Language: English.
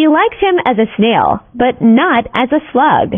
She likes him as a snail, but not as a slug.